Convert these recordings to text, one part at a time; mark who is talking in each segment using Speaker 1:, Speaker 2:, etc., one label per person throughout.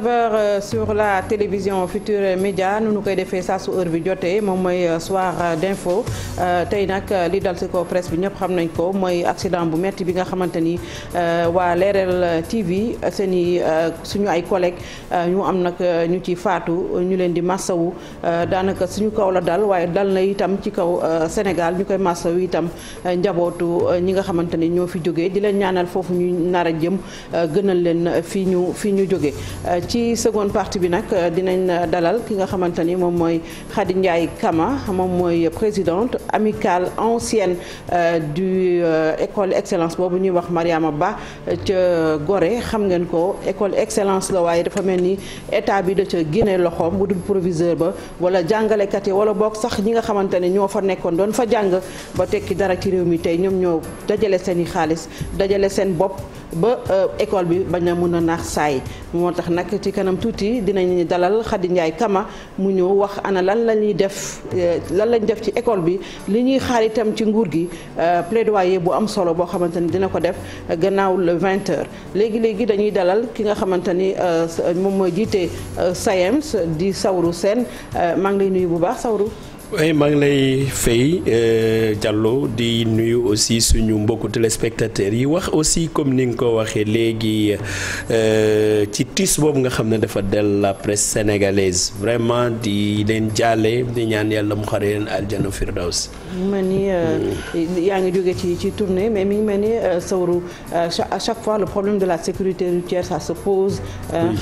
Speaker 1: 19h euh, sur la télévision Futur Média nu nu koy defee saa su heure bi jotee moom mooy euh, soir d'info euh, tey nag li dal si ko presse bi ñëpp xam nañ ko mooy accident bu metti bi nga xamante ni waa Leral TV seen i suñu ay collègues ñu am nag ñu ci faatu ñu leen di massawu daanaka suñu kaw la dal waaye dal na itam ci kaw Sénégal ñu koy massawu itam njabootu ñi nga xamante ni ñoo fi jógee di leen ñaanal foofu ñu nar a jëm gënal leen fii ñu fii ñu jógee ci seconde partie bi nag euh, dinañ euh, dalal ki nga xamante ni moom mooy Khady Ndiaye Kama moom mooy présidente amicale ancienne euh, du école excellence boobu ñuy wax Mariama Ba ca gore xam ngeen ko école excellence la waaye dafa mel ni état bi da ca génne loxoom bu dul proviseur ba wala jàngalekat yi wala boog sax ñi nga xamante ne ñoo fa nekkoon doon fa jàng ba tekki dara ci réew mi tey ñoom ñoo dajale seen i xaalis dajale seen bopp. ba euh, école bi bañ a mun a naax saay moo tax nag ci kanam tuuti dinañ dalal Khady Ndiaye Kama mu ñëw wax ana lan la ñuy def euh, lan lañ def ci école bi li ñuy xaar itam ci nguur gi euh, plaidoyer bu am solo boo xamante ni dina ko def gannaaw le 20 léegi léegi dañuy dalal ki nga xamante ni moom mooy jiite SAEMS di Sawru Sène maa ngi lay nuyu bu baax Sawru.
Speaker 2: oui maa ngi lay fay euh, Diallo di nuyu aussi suñu mbokku téléspectateurs yi wax aussi comme ni nga ko waxee léegi euh, ci tiis boobu nga xam ne dafa dell la presse sénégalaise vraiment di leen jaale di ñaan yàlla mu xare leen aljana firdaws
Speaker 1: ma ni euh, yaa ngi jóge ci ci tournée mais mi ngi mel ni Sawru à chaque fois le problème de la sécurité routière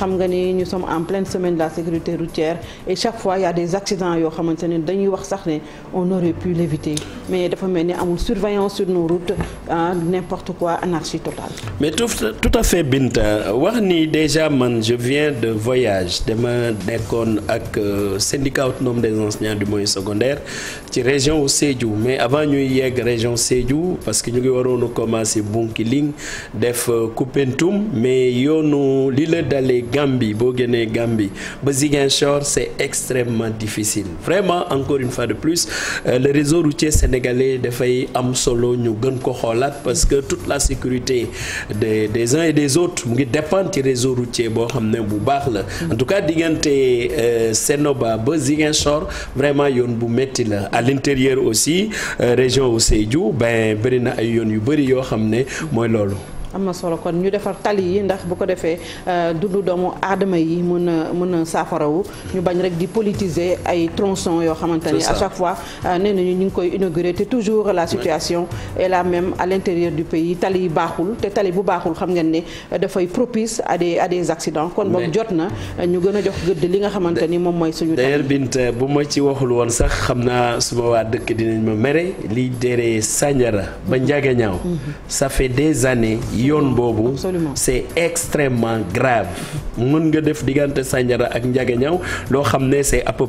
Speaker 1: nga ni ñu sommes en la sécurité routière chaque fois il des accidents yoo xamante ne dañuy wax sax ni on aurait pu l'éviter mais dafa mel ni amul surveillance sur nos routes ah n'importe quoi anarchie totale.
Speaker 2: mais tout tout à fait Binta wax ni déjà man je viens de voyage dama nekkoon ak euh, syndicat autonome des enseignants du moyen secondaire ci région Sédhiou mais avant ñuy yegg région Sédhiou parce que ñu ngi waroon a commencer Bounkiling def euh, Koupentoum mais yoonu li la dalee Gambie boo génnee Gambie ba Ziguinchor c'est extrêmement difficile une fois de plus euh, le réseau routier sénégalais dafay am solo ñu gën ko xoolaat parce que toute la sécurité des des uns et des autres mu ngi dépendre ci réseau routier boo xam ne bu baax la en tout cas diggante euh, Sénoba ba Ziguinchor vraiment yoon bu metti la à l'intérieur aussi euh, région Sédhiou ben bëri na ay yoon yu bëri yoo xam ne mooy loolu
Speaker 1: am na solo kon ñu defar tali yi ndax bu ko defee euh, dundu doomu adama yi mën na mën a saafarawu ñu bañ rek di politiser ay tronçon yoo xamante ni à chaque fois euh, nee nañu ñu ngi koy inaugurer te toujours la situation et la même à l'intérieur du pays tali yi baaxul te tali bu baaxul xam ngeen ni euh, dafay propice à des à kon boog jot na ñu gën a jox gëdd li nga xamante ni moom mooy suñu
Speaker 2: d'ailleurs Binta bu ma ci waxul woon sax xam naa suma waa dëkk dinañ ma mere liy déree Sandiara ba Ndiaganiao mhm. ça yoon boobu c'est extrêmement grave mën nga def diggante Sandiara ak Ndiagañaw loo xam ne c'est à peu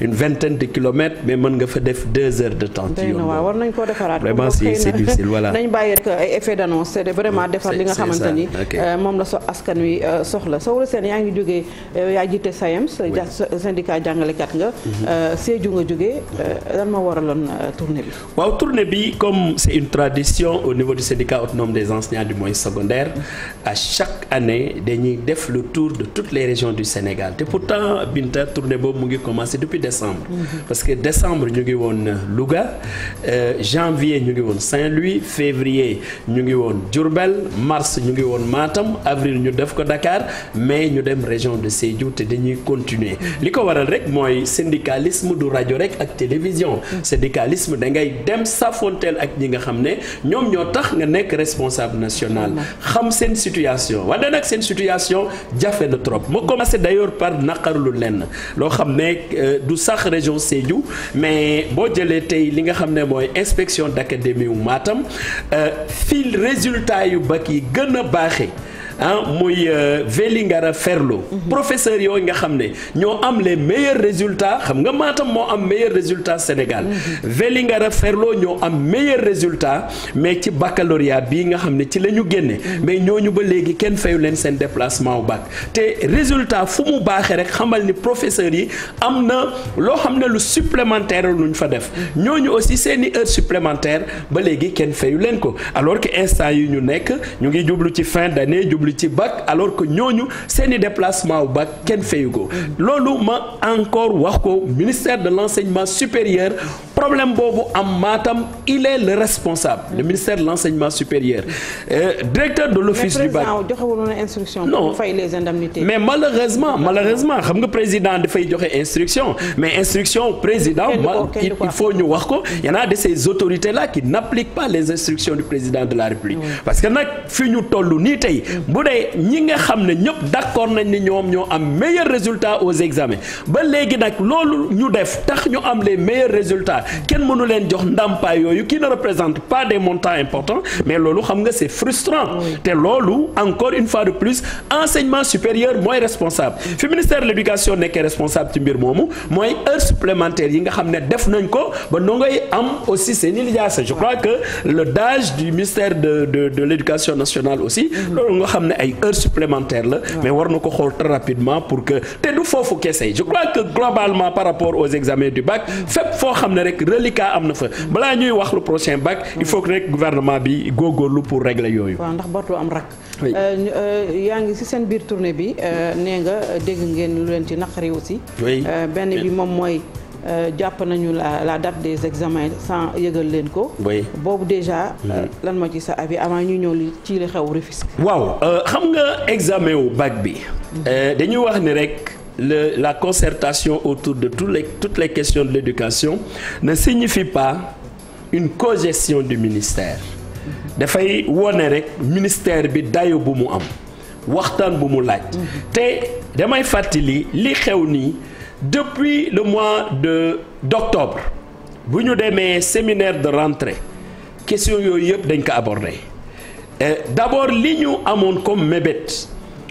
Speaker 2: une vingtaine de kilomètres mais mën nga fa def deux de temps ci yoon waaw war nañ koo defaraat vraiment c'est nañ
Speaker 1: bàyyi rek ay euh, effet d'annonce c'est vraiment defar li nga xamante ni euh, moom la so askan wi euh, soxla a Sène yaa ngi jógee yaa jiite SAEMS syndicat jàngalekat nga mhm. Sédhiou nga jógee
Speaker 2: lan ma waraloon tournée bi waaw tournée bi comme c'est une tradition enseignants du moyen secondaire à chaque année dañuy def le tour de toutes les régions du Sénégal te pourtant Binta tournée boobu mu ngi commencé depuis décembre. Mhm. parce que décembre ñu ngi woon Louga euh, janvier ñu ngi woon Saint-Louis février ñu ngi woon Diourbel mars ñu ngi woon Matam avril ñu def ko Dakar mais ñu dem région de Sédhiou te dañuy continuer mhm. li ko waral rek mooy syndicalisme du rajo rek ak télévision. Mhm. syndicalisme da dem safonteel ak ñi nga xam ne nationale xam seen situation wante nag seen situation jafe na trop ko ma commencé d'ailleurs par naqarlu lenn loo xam ne euh, du sax région Sédhiou mais boo jëlee tey li nga xam ne mooy inspection d'académie wu Matam euh, fii résultat yu bac yi gën a baaxe ah muy euh, Vélingara Ferlo mhm. professeur yooyu nga xam ne ñoo am les meilleurs résultats xam nga Matam moo am meilleurs résultats Sénégal mhm. Vélingara Ferlo ñoo am meilleurs résultats mais ci baccalauréat bii nga xam ne ci la ñu génne mhm. mais ñoo ñu ba léegi kenn fayu leen seen déplacement au bac te résultat fu mu baaxee rek xamal ni professeurs yi am na loo xam ne lu supplémentaire luñ fa def ñooñu aussi seen i heure supplémentaire ba léegi kenn fayu leen ko alors que yi ñu nekk ngi jublu ci fin d'année ci bac alors que ñooñu seeni déplacement wu bac kenn fayu ko loolu ma encore wax ko ministère de l'enseignement supérieur problème boobu am Matam il est le responsable le ministère de l'enseignement supérieur euh, directeur de l'office du bac
Speaker 1: non mais
Speaker 2: malheureusement malheureusement xam nga président dafay joxe instruction mais instruction président il faut ñu wax ko mm. y en a de ces autorités là qui n'appliquent pas les instructions du président de la République mm. parce que nag fi ñu toll nii tey mm. bu dee ñi nga xam ne ñëpp d'accord nañ ni ñoom ñoo am meilleur résultat aux examens ba léegi nag loolu ñu def tax ñu am les meilleurs résultats kenn mënu leen jox ndàmpaay yooyu qui ne représente pas de montants importants mais loolu xam nga c'est frustrant te loolu encore une fois de plus enseignement supérieur mooy responsable fi ministère de l'éducation nekkee mbir moomu mooy heure yi nga xam ne def nañ ko ba ndongoy am aussi seeni lijaasa je crois que le DAGE du de de de l'éducation nationale aussi mm-hmm. loolu nga xam ne ay heures supplémentaires la mais war na ko xool très rapidement pour que te du foofu kese je crois que globalement par rapport aux examens du bac mm-hmm. fépp foo xam ne rek nekk am na fa balaa ñuy wax lu prochain bac il faut que rek gouvernement bi góorgóorlu pour régler yooyu.
Speaker 1: waaw ndax bor du am rak. Euh, euh, yaa ngi si seen biir tournée bi euh, nee nga dégg ngeen lu leen ci naqari aussi. benn bi moom mooy. jàpp nañu la la date des examens sans yëgal leen ko. boobu déjà. Mm-hmm. lan moo ci sa avis avant ñu ñëw li ci li xew Rufisque.
Speaker 2: waaw xam nga examen wu bac bi. Mm-hmm. dañuy wax ni rek. le, la concertation autour de toutes les, les questions de l'éducation ne signifie pas une cogestion du ministère dafay wone rek ministère bi dayo bu mu am waxtaan bu mu laaj te damay fàttali li xew nii depuis le mois de d'octobre bu ñu demee séminaire de rentrée question yooyu yëpp dañ ko abordé d'abord li ñu amoon comme mébét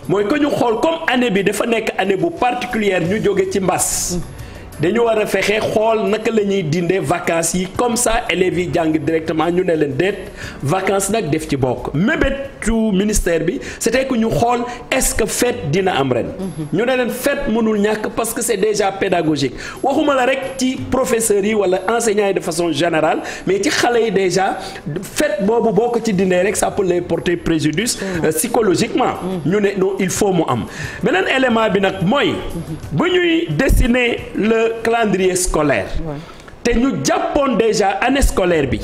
Speaker 2: mooy que ñu xool comme année bi dafa nekk année bu particulière ñu jóge ci mbas dañu war a fexe xool naka la ñuy dindee vacances yi comme ça élèves yi jàng directement ñu ne leen déet vacance nag def ci bokk mébétu ministère bi c'était que ñu xool est-ce que fête dina am ren. ñu ne leen fet mënul ñàkk parce que c'est déjà pédagogique waxuma la rek ci professeurs yi wala enseignants yi de façon générale mais ci xale yi déjà fête boobu boo ko ci dindee rek ça peut les porter préjudice euh, psychologiquement. ñu ne non il faut mu am beneen élément bi nag mooy leur calendrier scolaire. te ñu jàppoon déjà année scolaire bi.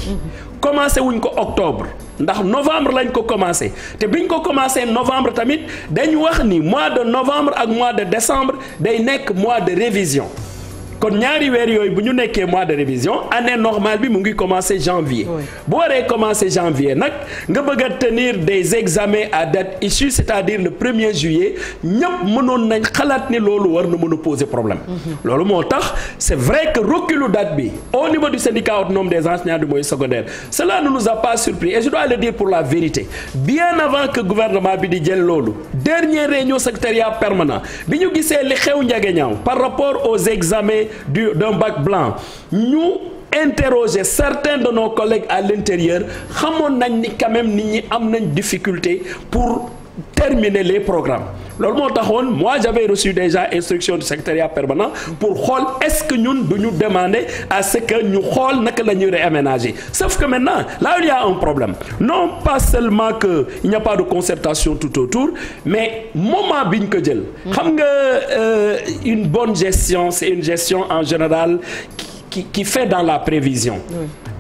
Speaker 2: commencé wuñ ko octobre ndax novembre lañ ko commencé te biñ ko commencé novembre tamit dañ wax ni mois de novembre ak mois de décembre day nekk mois de révision. kon ñaari weer yooyu bu ñu nekkee mois de révision année normale bi mu ngi commencer janvier. bu waree commencer janvier nag nga bëgg a tenir des examens à date issue c'est-à-dire le premier juillet ñëpp mënoon nañ xalaat ni loolu war na mën a poser problème. Mhm. loolu moo tax c'est vrai que reculu date bi au niveau du syndicat autonome des enseignants du moyen secondaire cela ne nous a pas surpris et je dois le dire pour la vérité bien avant que gouvernement bi di jël loolu dernière réunion secrétariat permanent bi ñu gisee li xew Ndiaganiao par diplômés d'un bac blanc ñu interroger certains de nos collègues à l'intérieur xamoon nañ ni quand nit ñi am nañ difficulté pour terminer les programmes loolu moo taxoon moi j'avais reçu déjà instruction du secrétariat permanent pour xool est-ce que ñun du ñu demander à ce que ñu xool naka la ñuy réaménager sauf que maintenant là il y un problème non pas seulement que il n'y a pas de concertation tout autour mais moment bi ñu ko jël xam nga euh, une bonne gestion c'est une gestion en général qui qui fait dans la prévision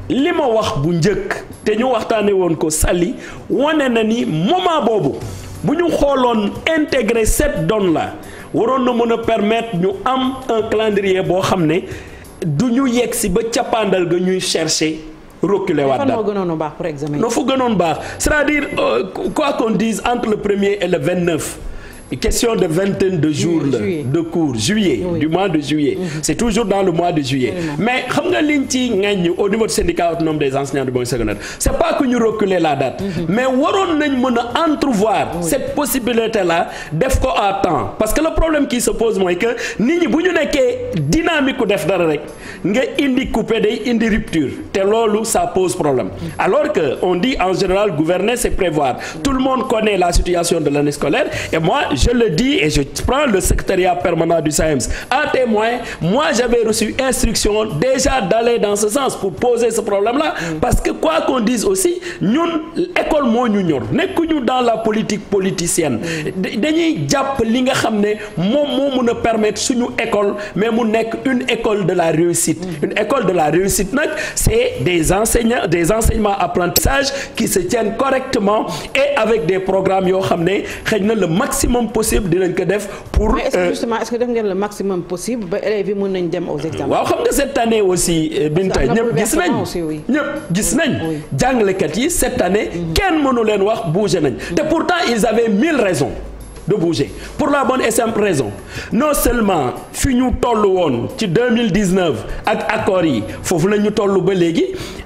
Speaker 2: li ma wax bu njëkk te ñu waxtaane woon ko Sali wone na ni moment boobu bu ñu xooloon intégrer cette donne la waroon na mën a permettre ñu am un calendrier boo xam ne du ñu yegg si ba cappaandal ga ñuy chercher reculer waat daal
Speaker 1: gënoon baax pour examen.
Speaker 2: non fu gënoon baax c'est-à-dire euh, quoi qu'on dise entre le premier et le vingt-neuf question de vingtaine de jours la de cours juillet oui. du mois de juillet mhm. c'est toujours dans le mois de juillet Absolument. mais xam nga liñ ci ŋaññi au niveau du syndicat autonome des enseignants du moyen secondaire c'est pas que ñu reculer la date mm -hmm. mais waroon nañ mën a entrevoir cette possibilité là def ko à temps parce que le problème qui se pose mooy que nit ñi bu ñu nekkee dynamique def dara rek nga indi coupé day indi rupture te loolu ça pose problème mhm. alors que on en général gouverner c'est prévoir tout le monde connaît la situation de l'année scolaire et je le dis et je prends le secrétariat permanent du SAEMS en témoin, moi j'avais reçu instruction déjà d'aller dans ce sens pour poser ce problème-là parce que quoi qu'on dise aussi ñun école moo ñu ñor nekkuñu dans la politique politicienne dañuy jàpp li nga xam ne moom moo mun a permettre suñu école mais mu nekk une école de la réussite une école de la réussite nag c'est des enseignants des enseignements apprentissage qui se tiennent correctement et avec des programmes yoo xam ne maximum possible dinañ ko def pour. mais est-ce que euh, justement
Speaker 1: est-ce que def le maximum possible ba élèves yi nañ dem aux examens. waaw xam nga
Speaker 2: cette année aussi. Euh, Binta ñëpp gis nañ ñëpp gis nañ. jàngalekat yi cette année. Mhm. kenn mënu leen wax bougé nañ. Mhm. te pourtant ils avaient mille raisons. de bouger pour la bonne et simple raison non seulement fi ñu toll woon ci 2019 ak accords yi foofu la ñu toll ba léegi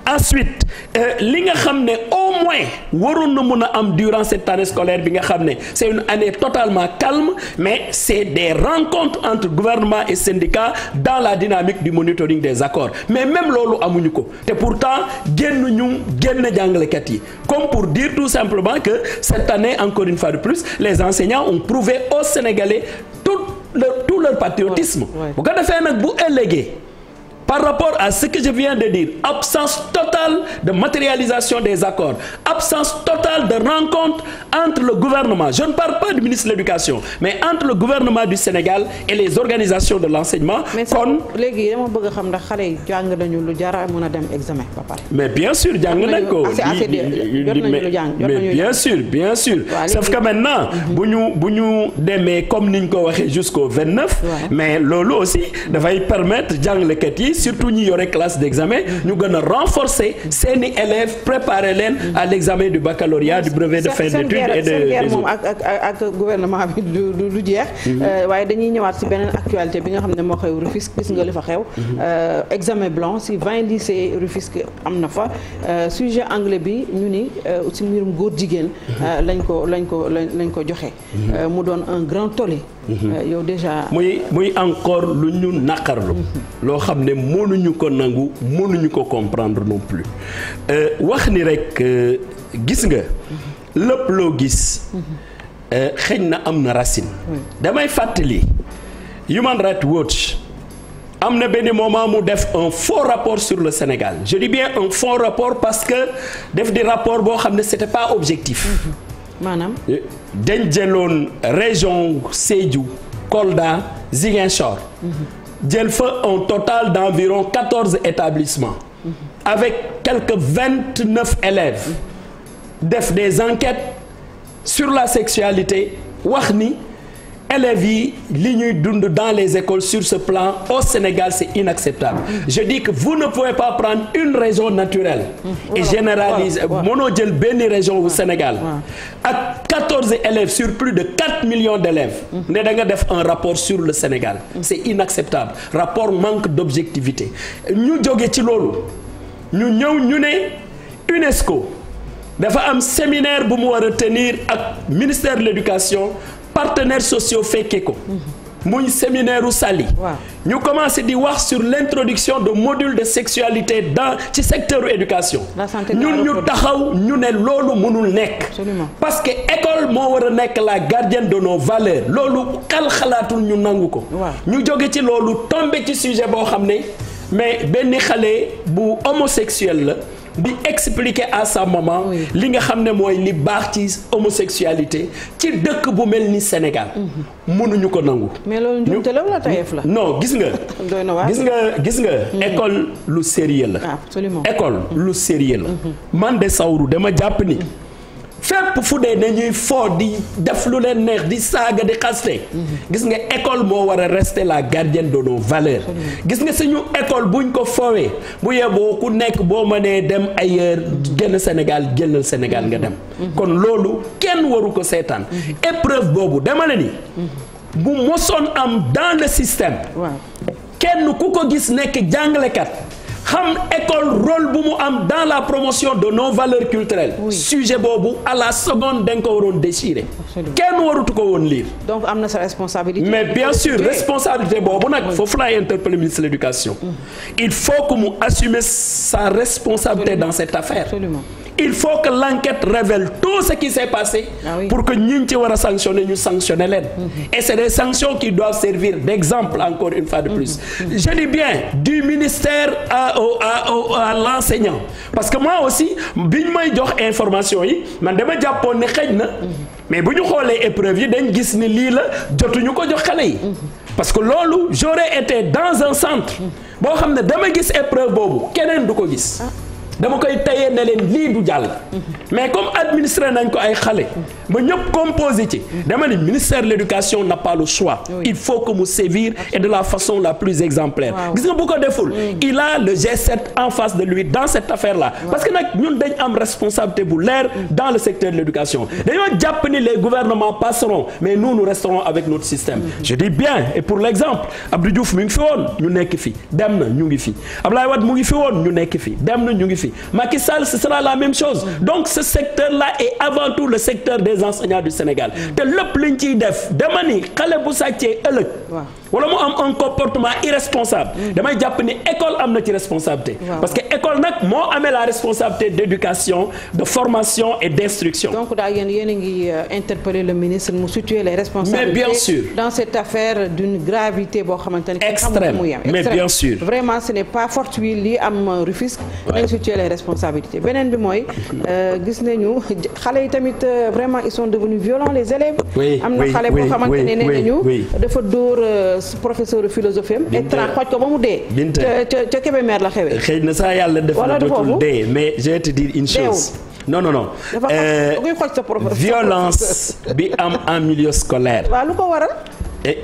Speaker 2: ensuite euh, li nga xam ne au moins waroon na mun a am durant cette année scolaire bi nga xam ne c'est une année totalement calme mais c'est des rencontres entre gouvernement et syndicats dans la dynamique du monitoring des accords mais même loolu amuñu ko te pourtant génn ñu génn jàngalekat yi comme pour dire tout simplement que cette année encore une fois les enseignants ont prouvé aux Sénégalais tout leur tout leur patriotisme bu ko defee nag bu ëllëgee par rapport à ce que je viens de dire absence totale de matérialisation des accords absence totale de rencontre entre le gouvernement je ne parle pas du ministre de l'éducation mais entre le gouvernement du Sénégal et les organisations de l'enseignement kon léegi dama
Speaker 1: bëgg a xam ndax xale yi jàng nañu lu jar mën a dem examen ba
Speaker 2: mais bien sûr jàng nañ ko ah, mais bien sûr bien sûr sauf que maintenant mhm. bu ñu bu ñu demee comme ni niñ ko waxee jusqu'au 29 mais loolu aussi dafay permettre jàngalekat yi surtout ñi yore classe d'examen ñu gën a renforcer seeni élèves préparer leen à l'examen du baccalauréat du brevet de fin d'études de des moom ak
Speaker 1: ak ak bi du jeex. Mhm. Euh, waaye dañuy ñëwaat ci beneen actualité bi nga xam ne moo xew Rufisque gis nga li fa xew. Mhm. Euh, examen blanc ci 20 lycées Rufisque am na fa euh, sujet anglais bi ñu ni ci mbirum góor jigéen. Mhm. lañ ko lañ ko lañ ko joxe. mu doon un
Speaker 2: grand tollé. Mm-hmm. Euh, yow déjà. muy muy encore lu ñu naqarlu. Mm-hmm. loo xam ne mënuñu ko nangu mënuñu ko comprendre non plus euh, wax ni rek euh, gis nga.
Speaker 1: Mm-hmm.
Speaker 2: lépp loo gis. xëy na am na racine. damay fàttali Human Rights Watch am na benn moment mu def un faux rapport sur le Sénégal je dis bien un faux rapport parce que def di rapport boo xam ne c'était pas objectif. maanaam. Eh, dañ jëloon région Sédhiou Kolda Ziguinchor. Mhm. jël fa un total d'environ quatorze établissements. Mhm. avec quelques vingt neuf élèves. Mhm. def des enquêtes sur la sexualité wax ni. élèves yi li ñuy dund dans les écoles sur ce plan au Sénégal c'est inacceptable je dis que vous ne pouvez pas prendre une raison naturelle mmh. et généraliser mënoo jël benn région wu Sénégal ak 14 élèves sur plus de 4 millions d'élèves mmh. ne da nga def un rapport sur le Sénégal mmh. c'est inacceptable rapport manque d'objectivité ñu jóge ci loolu ñu ñëw ñu ne UNESCO dafa am séminaire bu mu war a tenir ak ministère de l'éducation partenaire sociaux fekkee ko muy séminaire u Saly ñu commencé di wax sur l'introduction de module de sexualité dans ci secteur éducation ñun ñu taxaw ñu ne loolu mënul nekk parce que école moo war a nekk la gardienne de no valeur loolu xel xalaatul ñu nangu ko ñu jóge ci loolu tombé ci sujet boo xam ne mais benn xale bu homosexuel la di expliquer à sa li nga xam ne mooy ni baax ci homosexualité ci dëkk bu mel ni Sénégal mhm. mënuñu ko nangu mais loolu
Speaker 1: njuumte la la non gis nga
Speaker 2: gis nga gis nga mhm. école lu sérieux la ah, école lu sérieux la mhm. man de sawru dama jàpp ni fépp fu dee dañuy fo di def lu leen neex di saaga di xaste gis nga école moo war a rester la gardienne de nos gis nga suñu école buñ ko foowee bu yeboo ku nekk boo ma nee dem ay génn Sénégal génnal Sénégal nga dem kon loolu kenn waru ko seetaan épreuve boobu demale la ni bu mosoon am dans le système kenn ku ko gis nekk jàngalekat xam école rôle bu mu am dans la promotion de nos valeurs culturelles. Oui. sujet boobu à la seconde da nga ko waroon déchirer. kenn warutu ko woon lire. donc am na sa responsabilité. mais bien sûr responsabilité boobu nag foofu laay interpeller ministre de l'éducation. Mm. il faut que mu assumer sa responsabilité Absolument. dans cette affaire. Absolument. il faut que l'enquête révèle tout ce qui s'est passé ah pour que ñi ci war a sanctionner ñu sanctionner leen mhm. et c'est des sanctions qui doivent servir d'exemple encore une fois de plus mhm. je bien du ministère à à au à l'enseignant parce que moi aussi biñ may jox information yi man dama jàppoon ne xëj na mhm. mais bu ñu xoolee épreuve yi dañ gis ni lii la jotuñu ko jox xale yi parce que loolu j'aurais été dans un centre boo xam ne dama gis épreuve boobu keneen du ko gis ah. dama koy tayee ne leen lii du jàll. mais comme administré nañ ko ay xale. ba ñëpp composé ci. dema ne ministère de l' éducation n'a pas le choix. il faut que mu sévir et de la façon la plus exemplaire. gis nga bu ko deful. il a le G7 en face de lui dans cette affaire là. parce que nag ñu dañ am responsabilité bu leer dans le secteur de l' éducation dañoo jàpp ni les gouvernements passeront mais nous nous resterons avec notre système. Mm-hmm. je dis pour l' exemple Abdou ñu nekk fi dem na ñu ngi fi Abdoulaye Wade mu ñu nekk fi ici. Macky Sall, ce sera la même chose. Donc ce secteur-là est avant tout le secteur des enseignants du Sénégal. te lépp liñ ciy def dama ni xale bu sàccee ëllëg. wala mu am un comportement irresponsable mm. damay jàpp ni école am na ci responsabilité parce que école nag moo amee la responsabilité d'éducation de formation et d'instruction donc
Speaker 1: daal yéen yéen a ngi euh, interpeller le ministre mu situer les responsabilités mais bien sûr dans cette affaire d'une gravité boo xamante ne extrême mais bien sûr vraiment ce n'est les responsabilités beneen bi mooy euh, gis nañu xale yi tamit euh, vraiment ils sont devenus violents les élèves am na xale boo xamante ne nee nañu dafa dóor euh, professeur de philosophie am et tra xooj ko ba mu dee ca
Speaker 2: ca Kébémer la xewee xëy na saa yàlla def na dootul dee mais je vais te dire une chose non non non euh, violence bi am en milieu scolaire waaw lu ko waral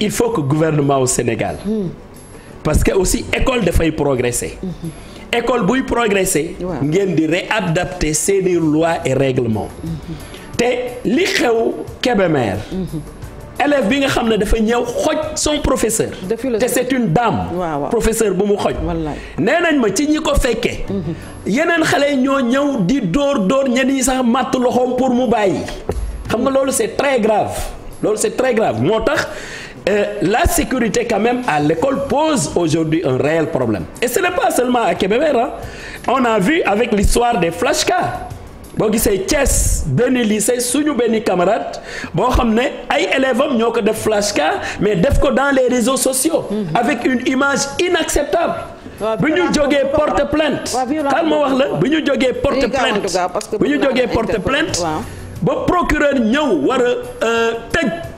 Speaker 2: il faut que gouvernement au Sénégal hmm. parce que aussi école dafay progresser hmm. école buy progresser ngeen di réadapter seeni lois et règlements te li xew Kébémer mhm. élève bi nga xam ne dafa ñëw xoj son professeur te c'est une dame professeur bu mu xoj nee nañ ma ci ñi ko fekkee mhm. yeneen xale yi ñoo ñëw di dóor dóor ñenn ñi sax màtt loxoom pour mu bàyyi xam nga loolu c'est très loolu c'est très moo tax euh, la sécurité quand même à l'école pose aujourd'hui un réel problème. Et ce n'est pas seulement à Kébémer, hein. on a vu avec l'histoire des flashcards. boo gisee Thiès benn lycée suñu benn camarade boo xam ne ay élèves am ñoo ko def flashcard mais def ko dans les réseaux sociaux. Mhm. avec une image inacceptable. bu ñu jógee porte plainte. kan ma wax la bu ñu jógee porte plainte. bu ñu jógee porte plainte. ba procureur ñëw war a euh,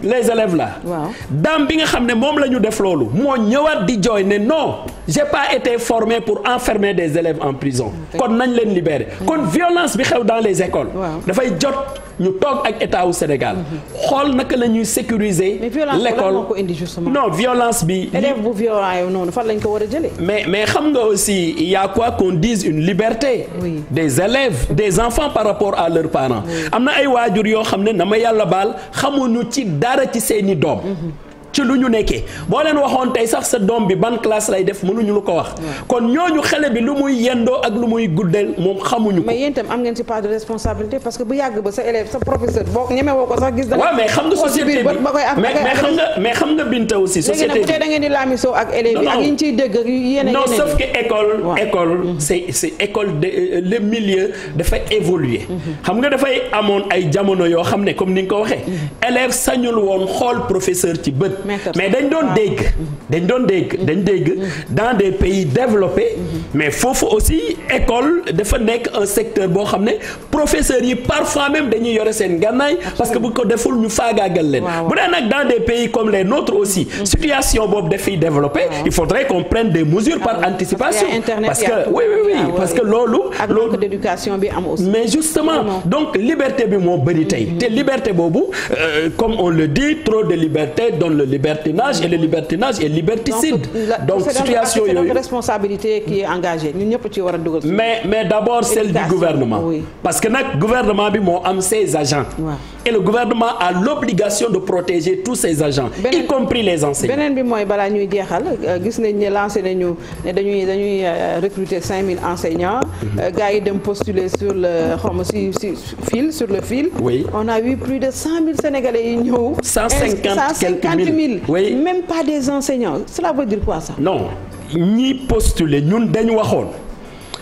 Speaker 2: les élèves là. waaw dame bi nga xam ne moom la ñu def loolu. moo ñëwaat di jooy ne no je pas été formé pour enfermer des élèves en prison. kon nañ leen libérer. kon violence bi xew dans les écoles. dafay jot ñu toog ak état wu Sénégal. Mhm. xool naka la ñuy sécuriser. l'école non violence bi. élève bu violent yow noonu fan lañ ko war a jëlee. mais mais xam nga aussi il y a quoi une liberté. des élèves des enfants par rapport à leurs parents. am na ay waajur yoo xam ne na ma yàlla baal xamuñu ci dara ci seeni doom ci lu ñu nekkee boo leen waxoon tey sax sa doom bi ban classe lay def mënuñu lu ko wax. kon ñooñu xale bi lu muy yendoo ak lu muy guddeel moom xamuñu ko. mais
Speaker 1: yéen itam am ngeen ci part de parce que bu yàgg ba sa élève sa professeur boo ñemewoo ko sax gis. waaw mais xam nga société bi mais xam nga mais xam
Speaker 2: nga Binta aussi. société bi léegi nag bu dee da
Speaker 1: ngeen di laamisoo ak élèves yi ak yi ñu ciy dégg ak yeneen non sauf que
Speaker 2: école. école mm-hmm. euh, le milieu dafa évoluer mm-hmm. xam nga dafay amoon ay jamono yoo xam ne comme ni nga ko waxee mm-hmm. élève sañul woon xool professeur ci bët mais dañ doon dégg dañ doon dégg dañ dégg dans des pays développés mais foofu aussi école dafa nekk un secteur boo xam ne professeurs yi parfois même dañuy yore seen gànnaay parce que bu ko deful ñu faagaagal leen bu dee nag dans des pays comme les nôtres aussi mm-hmm. situation boobu dafay développé il faudrait qu'on prenne des mesures par ah anticipation parce que oui oui ah oui parce
Speaker 1: que loolu loolu d'éducation bi mais justement
Speaker 2: donc liberté bi moo bëri tey mm-hmm. te liberté boobu euh, comme on le dit trop de liberté donne le libertinage et le libertinage est liberticide. donc, donc situation yooyu
Speaker 1: responsabilité qui est engagée ñun ñëpp ci war a dugal. mais
Speaker 2: mais d' abord celle du gouvernement. Oui. parce que nag gouvernement bi moo am ses agents. Ouais. et le gouvernement a l'obligation de protéger tous ses agents y compris les enseignants beneen
Speaker 1: bi mooy balaa ñuy jeexal euh, gis nañ ne lancé nañu ne dañuy dañuy euh, recruter 5000 enseignants mhm. euh, gars yi dem postuler sur le xawma si si fil sur le fil oui on a eu plus de 100 000 sénégalais yi ñëw 150 000
Speaker 2: oui même pas des enseignants cela veut dire quoi ça non ñi postuler ñun dañu waxoon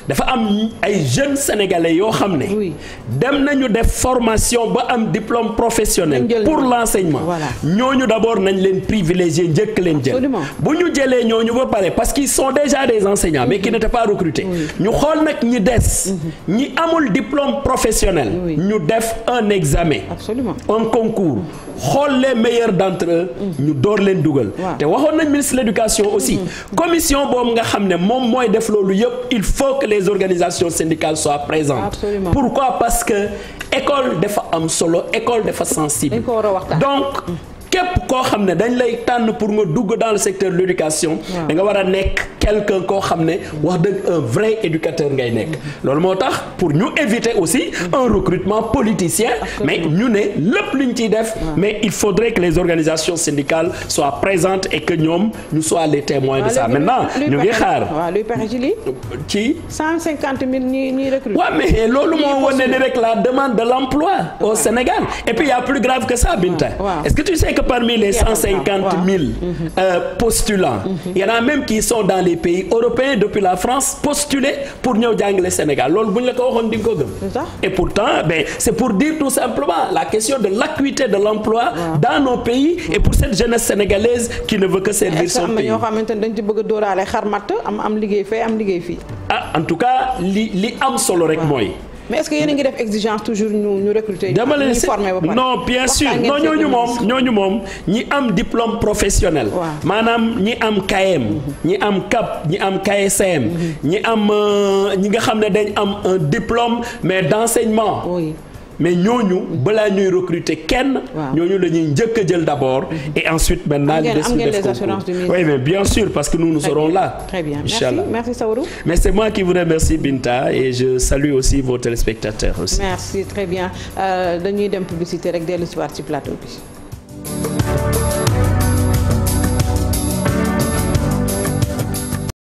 Speaker 2: dafa am ay jeunes sénégalais yoo xam ne. dem nañu def formation ba am diplôme professionnel. pour l'enseignement. ñooñu d'abord nañ leen privilégié njëkk leen jël. bu ñu jëlee ñooñu ba pare parce qu'ils sont déjà des enseignants mais qui mm-hmm. n'étaient pas recrutés. ñu xool nag ñi des. Mm-hmm. ñi amul diplôme professionnel. ñu def un examen. Absolument. un concours. xool leen meilleurs d'entre eux ñu door leen dugal te waxoon nañ ministre de l'éducation aussi mm-hmm. commission boobu nga xam ne moom mooy def loolu yëpp il faut que les organisations syndicales soient présentes Absolument. pourquoi parce que école dafa am solo école dafa sensible donc mm. képp koo xam ne dañ lay tànn pour nga dugg dans le secteur de l'éducation da nga war a nekk quelqu'un koo xam ne wax dëgg un vrai éducateur ngay nekk loolu moo tax pour ñu éviter aussi un recrutement politicien mais ñu ne lép lu ñu ciy def mais il faudrait que les organisations syndicales soient présentes et que ñoom ñu soient les témoins de ça maintenant ñu ngi xaar
Speaker 1: ci cent cinquante mille ñi ñuy recruter waaw mais loolu moo wane ni rek
Speaker 2: la demande de l'emploi au Sénégal et puis il y plus parmi les 150 000 mhm. euh, postulants mhm. il y même qui sont dans les pays européens depuis la France postulés pour ñëw jàngale Sénégal loolu bu ñu la ko waxoon di nga ko gëm et pourtant ben c'est pour dire tout simplement la question de l'acuité de l'emploi dans nos pays et pour cette jeunesse sénégalaise qui ne veut que servir son pays
Speaker 1: xamante ne dañ ci bëgg a dóoraale xarmat am am liggéey fee am liggéey fii
Speaker 2: ah en tout cas li li am solo rek mooy
Speaker 1: mais est-ce que yéen ngi def exigence toujours ñu ñu recruter. dama leen non bien sûr non ñooñu moom
Speaker 2: ñooñu moom ñi am diplôme professionnel. maanaam ñi am KM. ñi am CAP ñi am KSM. Mhm. ñi am euh, ñi nga xam ne dañ am un diplôme mais d'enseignement. mais ñooñu balaa ñuy recruter kenn. ñooñu la ñuy njëkk jël d' abord. Mm-hmm. et ensuite maintenant. li des su def concours bien sûr parce que nous nous serons là.
Speaker 1: très bien incha allah merci merci Saourou.
Speaker 2: mais c' est moi qui vous remercie Binta et je salue aussi vos téléspectateurs aussi.
Speaker 1: merci très bien euh, dañuy dem publicité rek dellu si waat ci plateau bi.